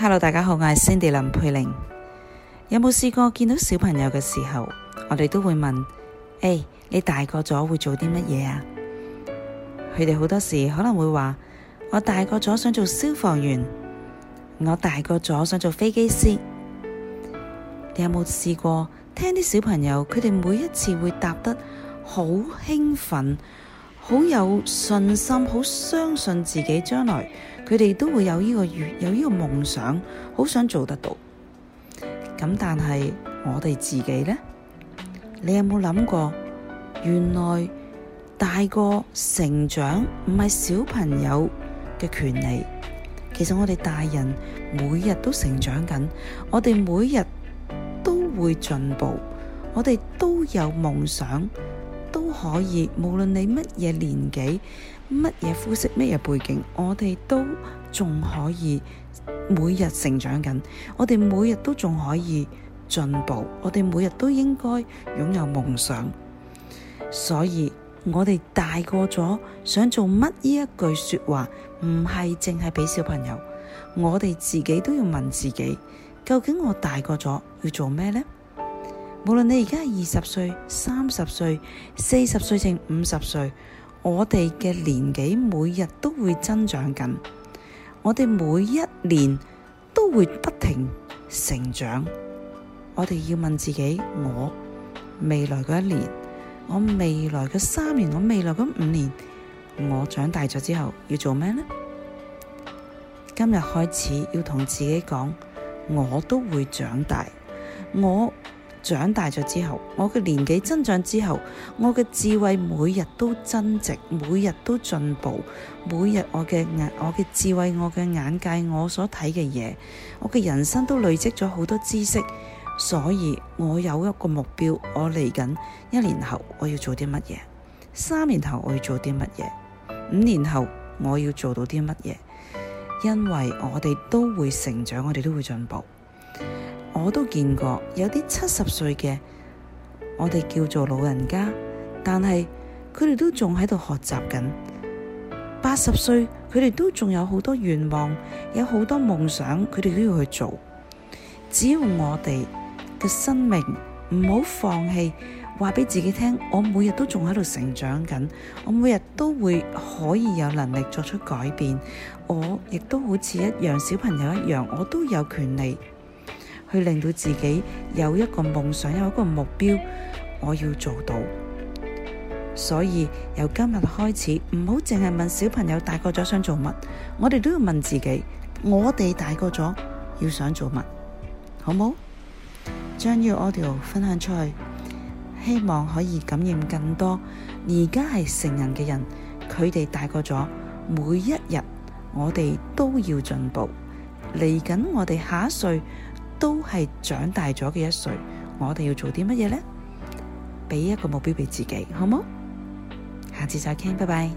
Hello，大家好，我係 Cindy 林佩玲。有冇試過見到小朋友嘅時候，我哋都會問：誒，hey，你大個咗會做啲乜嘢啊？佢哋好多時可能會話：我大個咗想做消防員，我大個咗想做飛機師。你有冇試過聽啲小朋友？佢哋每一次會答得好興奮。好有信心，好相信自己，將來佢哋都會有呢個願，有呢個夢想，好想做得到。咁但係我哋自己呢？你有冇諗過？原來大個成長唔係小朋友嘅權利，其實我哋大人每日都成長緊，我哋每日都會進步，我哋都有夢想。都可以，無論你乜嘢年紀、乜嘢膚色、乜嘢背景，我哋都仲可以每日成長緊，我哋每日都仲可以進步，我哋每日都應該擁有夢想。所以，我哋大個咗想做乜？呢一句說話唔係淨係俾小朋友，我哋自己都要問自己：究竟我大個咗要做咩呢？無論你而家係二十歲、三十歲、四十歲，正五十歲，我哋嘅年紀每日都會增長緊，我哋每一年都會不停成長。我哋要問自己：我未來嗰一年，我未來嘅三年，我未來嗰五年，我長大咗之後要做咩呢？今日開始要同自己講，我都會長大，我。長大咗之後，我嘅年紀增長之後，我嘅智慧每日都增值，每日都進步，每日我嘅眼我嘅智慧，我嘅眼界，我所睇嘅嘢，我嘅人生都累積咗好多知識，所以我有一個目標，我嚟緊一年後我要做啲乜嘢，三年後我要做啲乜嘢，五年後我要做到啲乜嘢，因為我哋都會成長，我哋都會進步。我都見過有啲七十歲嘅，我哋叫做老人家，但係佢哋都仲喺度學習緊。八十歲，佢哋都仲有好多願望，有好多夢想，佢哋都要去做。只要我哋嘅生命唔好放棄，話俾自己聽，我每日都仲喺度成長緊，我每日都會可以有能力作出改變。我亦都好似一樣，小朋友一樣，我都有權利。去令到自己有一個夢想，有一個目標，我要做到。所以由今日開始，唔好淨係問小朋友大個咗想做乜，我哋都要問自己，我哋大個咗要想做乜，好冇？將要我哋分享出去，希望可以感染更多而家係成人嘅人。佢哋大個咗，每一日我哋都要進步。嚟緊我哋下一歲。都係長大咗嘅一歲，我哋要做啲乜嘢咧？畀一個目標俾自己，好冇？下次再傾，拜拜。